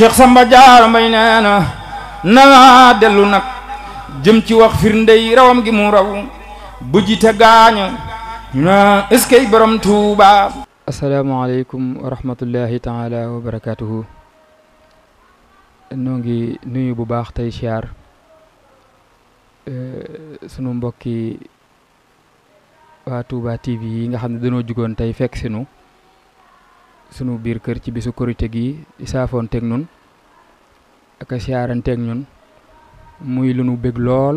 Cheikh Samba Diarra Mbaye nee na dellu nag jëm ci wax firndey rawam gi mu raw bu jite gaañu na est-ce Tuuba. asalaamaaleykum wa rahmatullahi taala wa barakaatuhu. noo nuyu bu baax tey siyaar eh, sunu mbokki waa Touba TV yi nga xam ne dañoo jugoon tey fekk si nu sunu bir kër ci bisu korité gi isafon teg ñun ak siyaaranteeg ñun muy lu ñu bëgg lool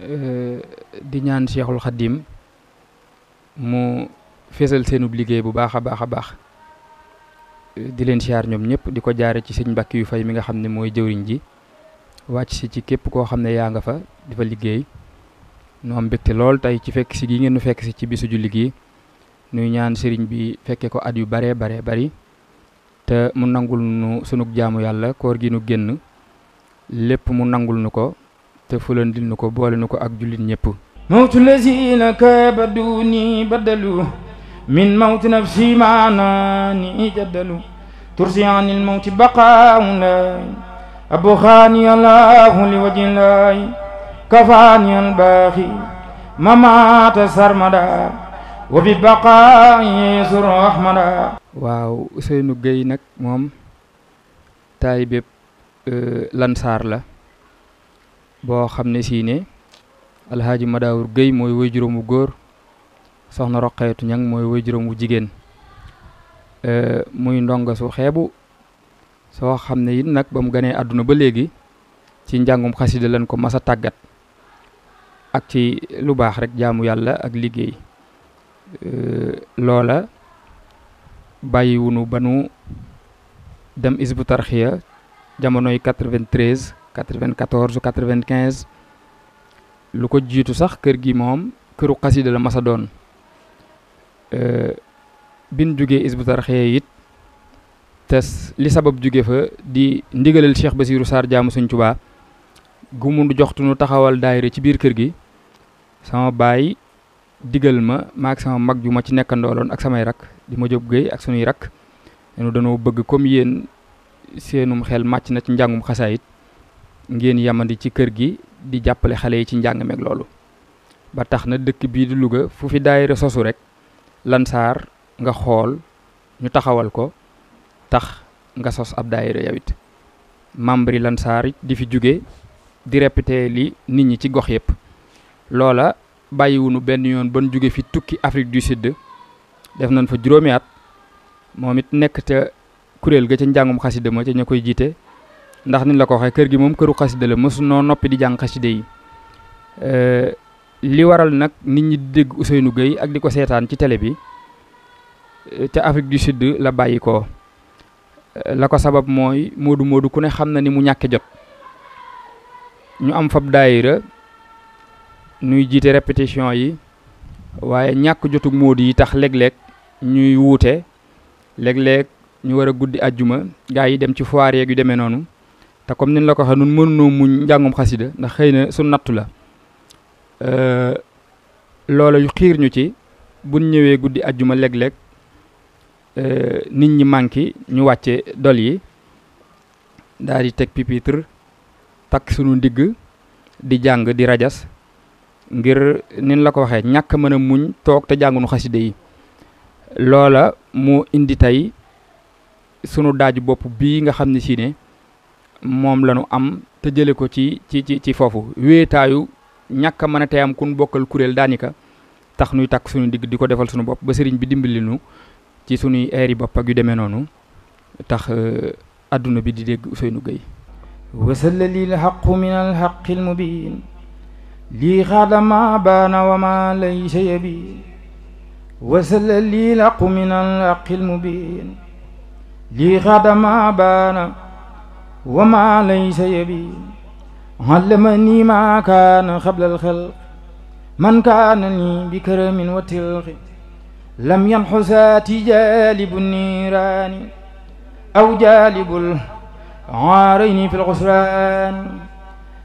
eh, di ñaan Cheikhul Khadim mu fessel seen obligé bu baaxa baaxa baax eh, di leen siyaar ñom ñëpp di ko jaare ci seigne Mbàkke yu fay mi nga xam moy jëwriñ ji wacc ci ci képp ko ya nga fa di fa liggéey nu am mbégte lool tay ci fekk ci gi ngeen fekk ci bisu julli gi nuy ñaan sëriñ bi fekke ko at yu baree baree bari te mu nangul nu sunug jaamu yàlla koor gi nu génn lépp mu nangul nu ko te fulandil ko boole nu ko ak jullit ñépp mawtu lazina kabaduni badalu min mawti nafsi maanaani jaddalu tursi an mawti baqaawu lay abu xaani allahu li wajin lay kafaani albaaxi mamaata sarmada wa bi baqaayi su rahmana waaw nak, mom, nag moom euh Lansar la bo xamne si ne alhaaji Madaawur Gueye mooy way juróom wu góor soxna Roqeetu Ñang moy way juróom wu jigéen euh, muy ndonga su xebu so xamne ne nak bam gane aduna ba legi ci njangum khassida lan ko massa tagat ak ci lu bax rek jaamu yalla ak liggey Euh, loola bàyyiwunu ba nu dem isbu tarxiya jamonoy 93 94 95 lu ko jiitu sax kër gi moom këru xasida la masa doon euh, bin jógee isbu tarxiya it te li sabab jóge fa di ndigalal Cheikh Basirou Sarr jaamu Sëñ Tuubaa gu mu joxtu nu taxawal daayira ci biir kër gi sama baay digal ma mak sama mag ju ci ak sama rak di ma gue géy ak sunuy rak ñu dañoo bëgg comme yéen seenum xel màcc na ci njàngum xasaayit ngeen yamandi ci kër gi di jàppale xale ci njàng meeg loolu ba na dëkk di luga fu fi daayira sosu rek lansaar nga xool ñu taxawal ko tax nga sos ab daayira yawit membre lansari di fi jóge di répété li nit ñi ci gox bàyyiwunu benn yoon ban jóge fi tukki Afrique du Sud def nañ fa juróomi moom it nekk ca kuréel ga ca njàngum xasida ma ca ña koy jiite ndax ni la ko waxee kër gi moom këru xasida la mosu noo noppi di jàng xasida yi li waral nag nit ñi di dégg Ousseynou Gueye ak di ko seetaan ci télé bi ca e, Afrique du sidd la bàyyi ko e, la ko sabab mooy moodu moodu ku ne xam na ni mu ñàkke jot ñu am fab daayira nuy jiite répétition yi waaye ñàkk jotug moodu yi tax léeg-léeg ñuy wuute léeg ñu war a guddi ajjuma gaa yi dem ci foire yeeg yu demee noonu te comme nin la ko waxee nun mënunoo muñ njàngum xasida ndax xëy na su nattu la euh, loola yu xiir ñu ci buñ ñëwee guddi ajjuma léeg-léeg euh, nit ñi manqué ñu wàcce dol yi daal di teg pupitre takk sunu digg di jàng di rajas ngir nin la ko waxee ñàkk mën a muñ toog te jàngunu xaside yi loola mu indi tey sunu daaju bopp bii nga xam ne si ne moom la ñu am te jële ko ci ci ci foofu wéetaayu ñàkk a mën a tey am kun bokkal kuréel daanika tax nuy takk sunu digg di ko defal sunu bopp ba sëriñ bi dimbali nu ci suñuy air yi bopp ak yu demee noonu tax àdduna euh, bi di dégg Ousseynou Gueye wasallalil haqu min alhaqi almubin لي خاد ما بان وما ليس يبين وسل لي لق من الحق المبين لي خاد ما بان وما ليس يبين علمني ما كان قبل الخلق من كان لي بكرم وتلق لم ينحساتي جالب النيران أو جالب العارين في الغسران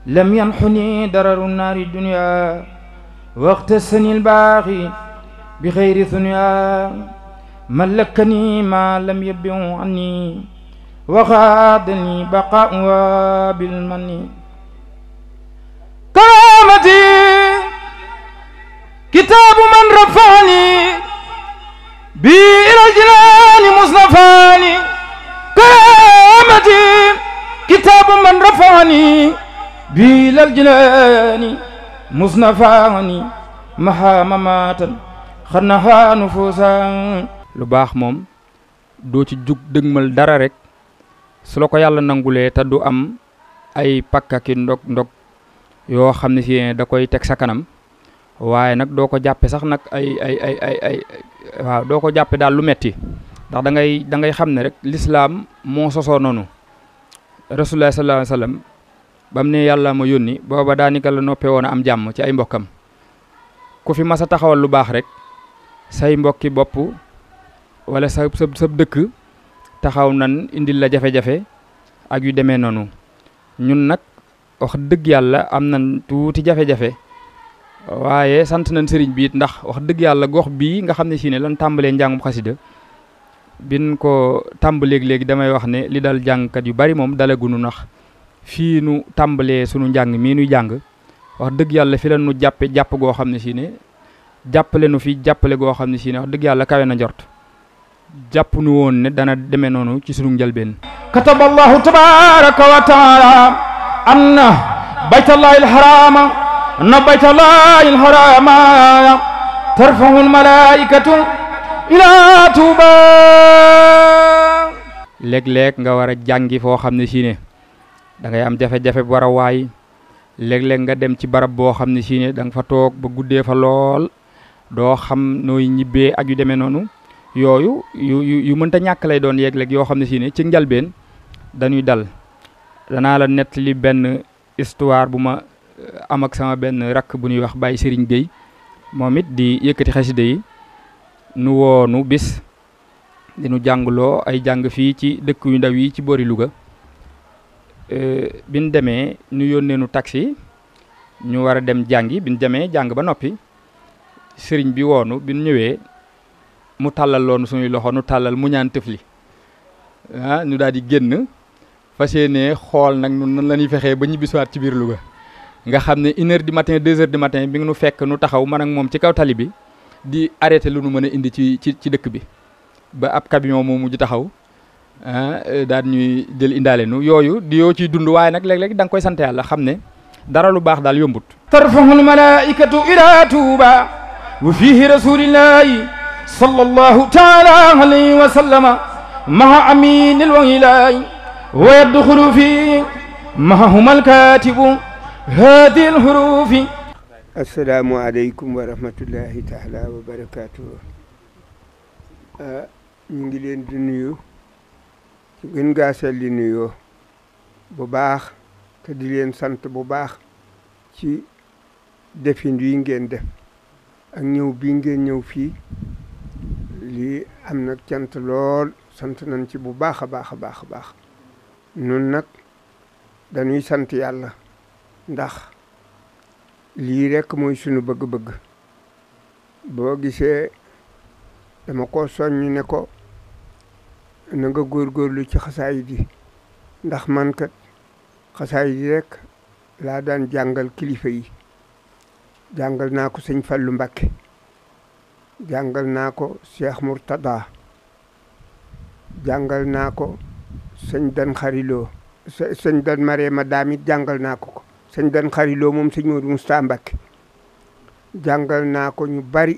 لم ينحني درر النار الدنيا السن الباغي بغير ثنيا ملكني ما لم يبعو عني وغادني بقاء بالمن كرامتي كتاب من رفعني بي الجنان مصنفاني محاممات خنها نفوسا lu baax moom doo ci jug dëgmal dara rek su la ko yàlla nangulee te du am ay pakka ki ndog ndog yoo xam ne si da koy teg sa kanam waaye nag doo ko jàppe sax nag ay ay ay waaw doo ko jàppe daal lu metti ndax dangay ngay xam ne rek lislaam moo sosoo noonu rasulullah bam ne mo yoni boba booba daanika la noppe woon am jam ci ay mbokam ku fi massa taxawal lu bax rek say mbokki bop wala sa sa dekk taxaw nan indil la jafe-jafe ak yu démé nonu ñun nak wax deug yalla am nan tuuti jafe-jafe waaye sant nan serigne bi ndax wax deug yalla gox bi nga xamné ci né lan tambalé jangum khassida bin ko tambalé leg leg damay wax ne li dal kat yu bari dalagu nu nax fii nu tàmbalee sunu njàng mii nuy jàng wax dëgg yàlla fi la nu jàppe jàpp goo xam ne si ne jàppale nu fi jàppale goo xam ne si wax dëgg yàlla kawe na njort jàpp woon ne dana deme noonu ci sunu njëlbeen kataba allahu wa taala anna baytallahi alharama anna baytallahi alharama tarfahu almalaikatu ila tuba léeg nga war a jàngi foo xam ne si da ngay am jafe-jafe bu wara way léeg-léeg nga dem ci barab bo xamni ci si ne da nga fa tok ba guddé fa lol do xam noy ñibé ak yu démé nonu yoyu yu yu yu mënta ñak lay doon yeeg-léeg yo xamni ci si ne ci njalbeen dañuy dal la li ben histoire bu eh, am ak sama ben rak bu ñuy wax Baye Serigne Gueye momit di yëkëti xaside yi nu wonu bis di nu jangulo ay jang fi ci dekk yu ndaw yi ci bori Louga Euh, bi ñu demee ñu nu taxi ñu war dem jangi bi ñu banopi ba nopi sëriñ bi wonu bi ñu ñëwee mu talal lon suñuy loxo nu talal mu ñaan tëfli ah ñu daal di génn fas yéenee xool nag nun nan la ñuy fexee ba ñibbi siwaat ci biir Louga nga xam ne une du matin deux heures du matin bi nu fekk nu taxaw man ak mom ci kaw tali bi di arrêté lu nu mën indi ci ci ci dëkk bi ba ab camion momu mujj taxaw daal ñuy jël indaale nu yooyu di yoo ciy dund waaye nag léeg-léeg da nga koy sant yàlla xam ne dara lu baax daal yombut tarfahul malaikatu ila tuuba wa fihi rasulillahi sallallahu taala alayhi wa sallama maha aminil wahilaay wa yadxulu fi mahahuma alkatibu hadi alhurufi assalaamu aleykum wa rahmatullahi taala wa barakatuhu ñu ngi leen di nuyu gën gaase li nuyoo bu baax te di leen sant bu baax ci defin yi ngeen def ak ñëw bii ngeen ñëw fii lii am na cant lool sant nañ ci bu baax a baax a baax baax nun nag dañuy sant yàlla ndax lii rekk mooy sunu bëgg-bëgg boo gisee dama ko soññ ne ko na nga góorgóorlu ci xasaayid yi ndax man ka xasaayid yi rek laa daan jàngal kilifa yi jàngal naa ko sëñ Fallu Mbàkke jàngal naa ko Cheikh Murtada jàngal naa ko sëñ Dan Xariloo sëñ Dan Mareema Daam it jàngal naa ko ko sëñ Dan Xariloo moom sëñ Moodu Musta Mbàkke jàngal naa ko ñu bari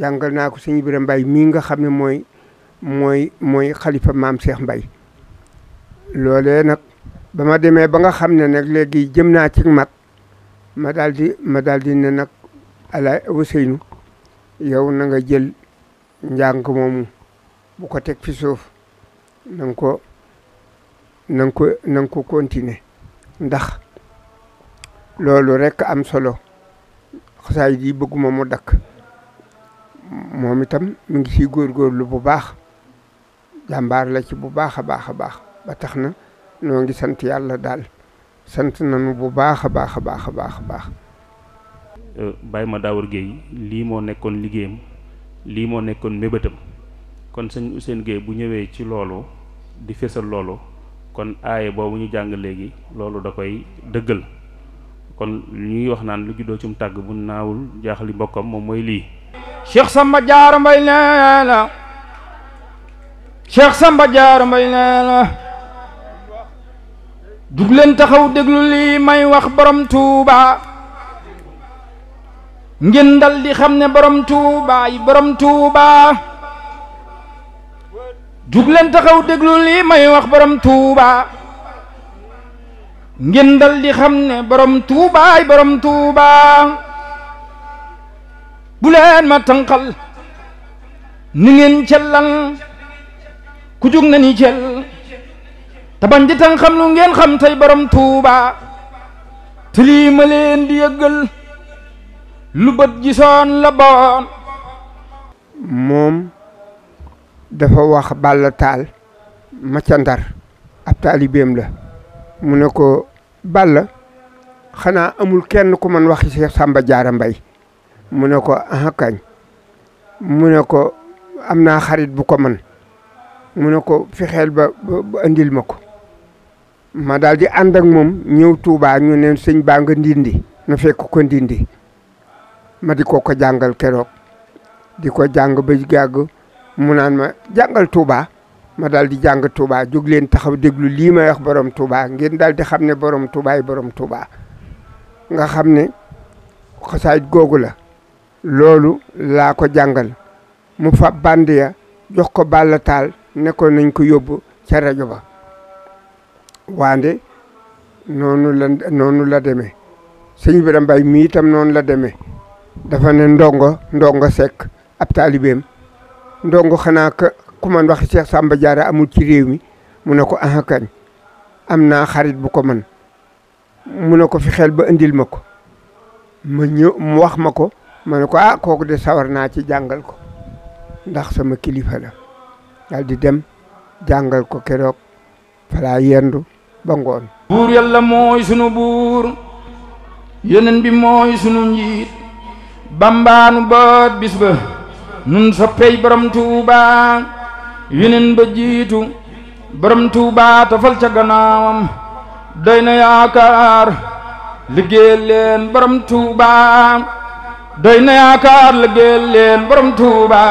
jàngal naa ko sëñ Ibrahima Mbaye mii nga xam ne mooy mooy mooy xalifa maam Cheikh mbay loole nag ba ma demee ba nga xam ne nag léegi jëm naa ci mag ma daal di ma daal di ne nag ala Ousseynou yow na nga jël njàng moomu bu ko teg fi suuf na ko na ko na nga ko continuer ndax loolu rekk am solo xasaay yi bëgguma mu dakk moom itam mu ngi ciy góorgóorlu bu baax jàmbaar la ci bu baax a baax a baax ba tax na noo ngi sant yàlla daal sant nañu bu baax a baax a baax a baax a baax. Euh, Baye Madawar Gueye lii moo nekkoon liggéeyam lii moo nekkoon mébétam kon sëñ Ousseynou Gueye bu ñëwee ci loolu di fésal loolu kon aaye boobu ñu jàng léegi loolu da koy dëggal kon ñuy wax naan lu juddoo cim tàgg bu naawul jaaxali mbokkam moom mooy lii. Cheikh Samba Diarra Mbaye nee na Cheikh Samba Diarra Mbaye nee na jug leen taxaw déglu lii may wax borom Touba ngeen dal xam ne borom Touba yi borom Touba jug taxaw déglu lii may wax borom Touba ngeen dal di xam ne borom Touba yi borom Touba bu leen ma tànqal ni ngeen cellal. ku jog na ni jël ta bañ di tan xam lu ngeen xam tay borom jisan te mom, ma leen di yeggal lu bet gisoon la bon mom dafa wax Balla ma ca Ndar ab talibem la mu ne ko amul kenn ku man waxi Cheikh Samba jaara mbay mu ne ko kañ mu ne xarit bu ko man mu ne ko fexeel ba ba andil ma ko ma daal di ànd moom ñëw Touba ñu neen sëñ baa nga ndindi na fekk ko ndindi ma di ko ko jàngal keroog di ko jàng ba gàgg mu naan ma jàngal tuubaa ma daal di jàng Touba jóg leen taxaw déglu lii may wax borom Touba ngeen daal di xam ne borom Touba yi borom Touba nga xam ne xasaayit googu la loolu laa ko jàngal mu fa band ya jox ko taal nekkoon nañ ko yóbbu ca rajo ba waande noonu la noonu la demee sëñ bi dambay mii itam noonu la demee dafa ne ndongo ndongo sekk ab taalibeem ndongo xanaa ka ku man wax Cheikh sàmba Diarra amul ci réew mi mu ne ko aha kañ am naa xarit bu ko man mu ne ko fi xel ba indil ma ko ma ñëw mu wax ma ko ma ne ko ah kooku de sawar naa ci jàngal ko ndax sama kilifa la daal di dem jàngal ko keroog falaa yendu ba ngoon buur yàlla mooy sunu buur yeneen bi mooy sunu njiit bambaanu boot bis ba nun soppey borom tuuba yeneen ba jiitu borom tuuba tafal gannaawam doy na yaakaar liggéeyal leen borom tuuba doy na yaakaar liggéeyal leen borom tuuba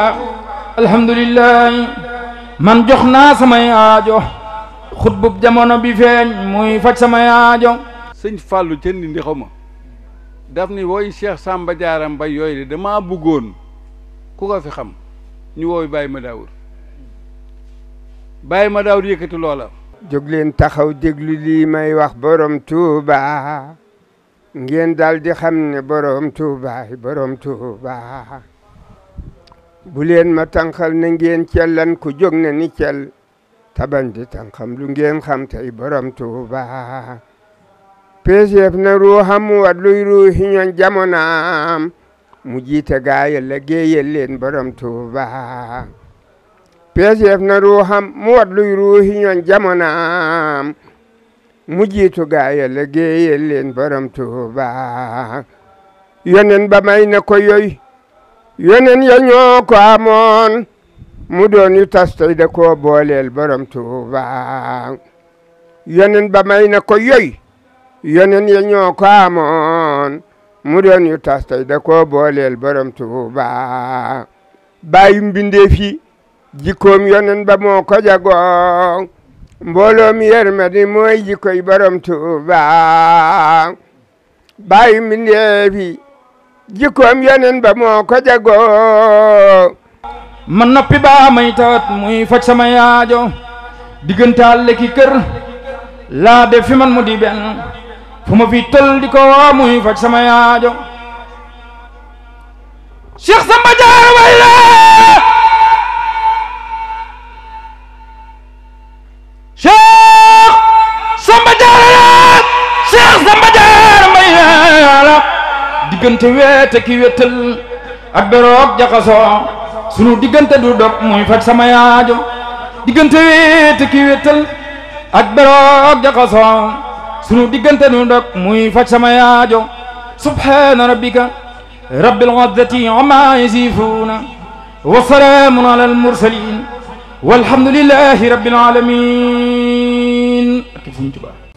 alhamdulilah man jox naa samay aajo xutbub jamono bi feeñ muy faj samay aajo sëñ fàllu ca ndindi xaw ma daf ni wooy Cheikh Samba Diarra Mbaye yooyu de damaa bëggoon ku ko fi xam ñu wooy bàyyi ma daawur bàyyi ma daawur yëkkati loola jóg taxaw déglu lii may wax borom Touba ngeen daal xam ne borom Touba borom Touba bu leen ma tànqal na ngeen cellan ku jóg na ni cel tabandi tànqam lu ngeen xam tey borom Tuuba peeseef na ruuxam mu wat luy ruuxi ñoon jamonaam mu jiite gaaya la géeyal leen borom Tuuba peeseef na ruuxam mu wat luy ruuxi ñoon jamonaam mu jiitu gaaya la géeyal leen borom Tuuba yonen ba may na ko yoy yoneen ya ñoo ko amoon mu doon yu tas tey da koo booleel borom Tuuba yoneen ba may ko yoy yoneen ya ñoo ko amoon mu doon yu tas tey da koo booleel borom Tuuba bàyyi mbindee fi jikkoom yoneen ba moo ko jagoo mbooloo mi yërmande mooy jikkoy borom Tuuba bàyyi mbindee fi jikkoom yeneen ba moo ko jagoo ma noppi baa may tawat muy faj sama yaajo diggantaale ki kër laa fi man mu di benn fu ma fi tol ko woo muy faj sama yaajo Cheikh Samba Diarra way diggante weete ki wétal ak beroog jaxaso sunu digënté du dog moy faj sama yaajo diggante weete ki wétal ak beroog jaxaso sunu digënté du dog moy faj sama yaajo subhana rabbika rabbil ghadati amma yasifuuna wa salamun ala al mursalin والحمد لله رب العالمين